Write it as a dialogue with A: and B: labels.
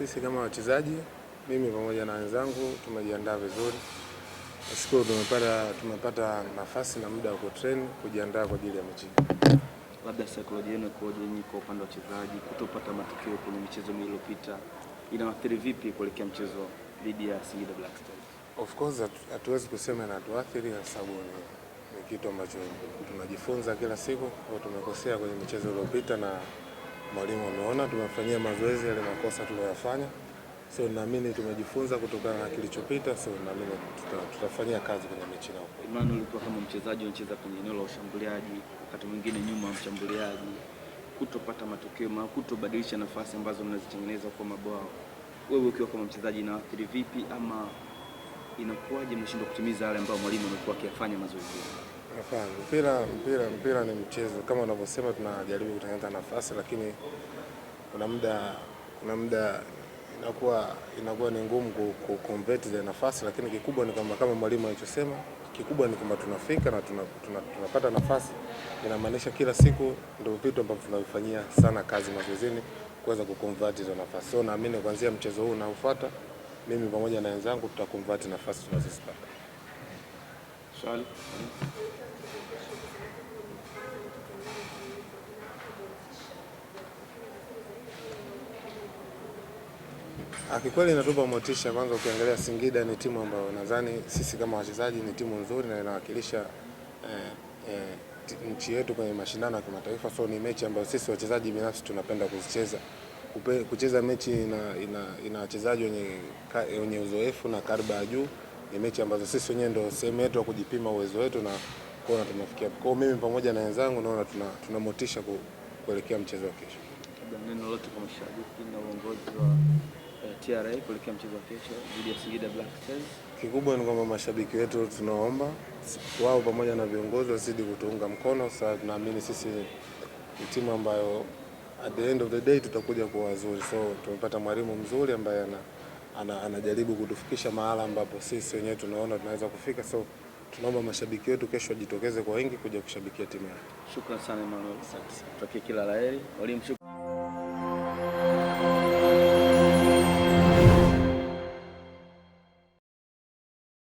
A: Sisi kama wachezaji, mimi pamoja na wenzangu tumejiandaa vizuri. Nashukuru tumepata tumepata nafasi na muda wa kutrain kujiandaa kwa ajili ya mechi.
B: Labda saikolojia yenu ikoje nyinyi kwa upande wa wachezaji kutopata matokeo kwenye michezo iliyopita inaathiri vipi kuelekea mchezo dhidi ya Singida Black Stars?
A: Of course hatuwezi kusema na tuathiri kwa sababu ni kitu ambacho tunajifunza kila siku, au tumekosea kwenye michezo iliyopita na Mwalimu ameona tumefanyia mazoezi yale makosa tuliyoyafanya, so naamini tumejifunza kutokana na kilichopita, so naamini tuta, tutafanyia kazi kwenye mechi nao.
B: Emmanuel, ulikuwa kama mchezaji unacheza kwenye eneo la ushambuliaji, wakati mwingine nyuma ya mshambuliaji, kutopata matokeo ma kutobadilisha nafasi ambazo mnazitengeneza kwa mabao, wewe ukiwa kama mchezaji inaathiri vipi, ama inakuwaje mnashindwa kutimiza yale ambayo mwalimu amekuwa akiyafanya mazoezi?
A: Hapana, mpira mpira mpira ni mchezo kama unavyosema, tunajaribu kutengeneza nafasi, lakini kuna muda kuna muda inakuwa inakuwa ni ngumu ku convert ile nafasi, lakini kikubwa ni kwamba kama mwalimu alichosema, kikubwa ni kwamba tunafika na tunapata tuna, tuna, tuna nafasi. Inamaanisha kila siku ndio vitu ambavyo tunavifanyia sana kazi mazoezini kuweza ku convert hizo nafasi. So naamini kuanzia mchezo huu unaofuata, mimi pamoja na wenzangu tutaconvert nafasi tunazozipata. Swali. Ah, Kikweli inatupa motisha kwanza. Ukiangalia Singida ni timu ambayo nadhani sisi kama wachezaji ni timu nzuri na inawakilisha eh, eh, nchi yetu kwenye mashindano ya kimataifa, so ni mechi ambayo sisi wachezaji binafsi tunapenda kuzicheza. Kucheza mechi ina, ina, ina wachezaji wenye, wenye uzoefu na kariba ya juu ni mechi ambazo sisi wenyewe ndio sehemu yetu ya kujipima uwezo wetu na kuona tumefikia. Kwa hiyo mimi pamoja na wenzangu naona tuna, tuna motisha kuelekea mchezo wa kesho.
B: Neno lote kwa mashabiki na uongozi wa TRA kuelekea mchezo wa kesho dhidi ya Singida Black Stars.
A: Kikubwa ni kwamba mashabiki wetu tunaomba wao pamoja na viongozi wazidi kutuunga mkono. Sasa tunaamini sisi ni timu ambayo at the end of the day tutakuja kuwa wazuri, so tumepata mwalimu mzuri ambaye ana, ana, anajaribu kutufikisha mahala ambapo sisi wenyewe tunaona tunaweza kufika, so tunaomba mashabiki wetu kesho wajitokeze kwa wingi kuja kushabikia timu yao.
B: Shukrani sana Emmanuel, tutakie kila la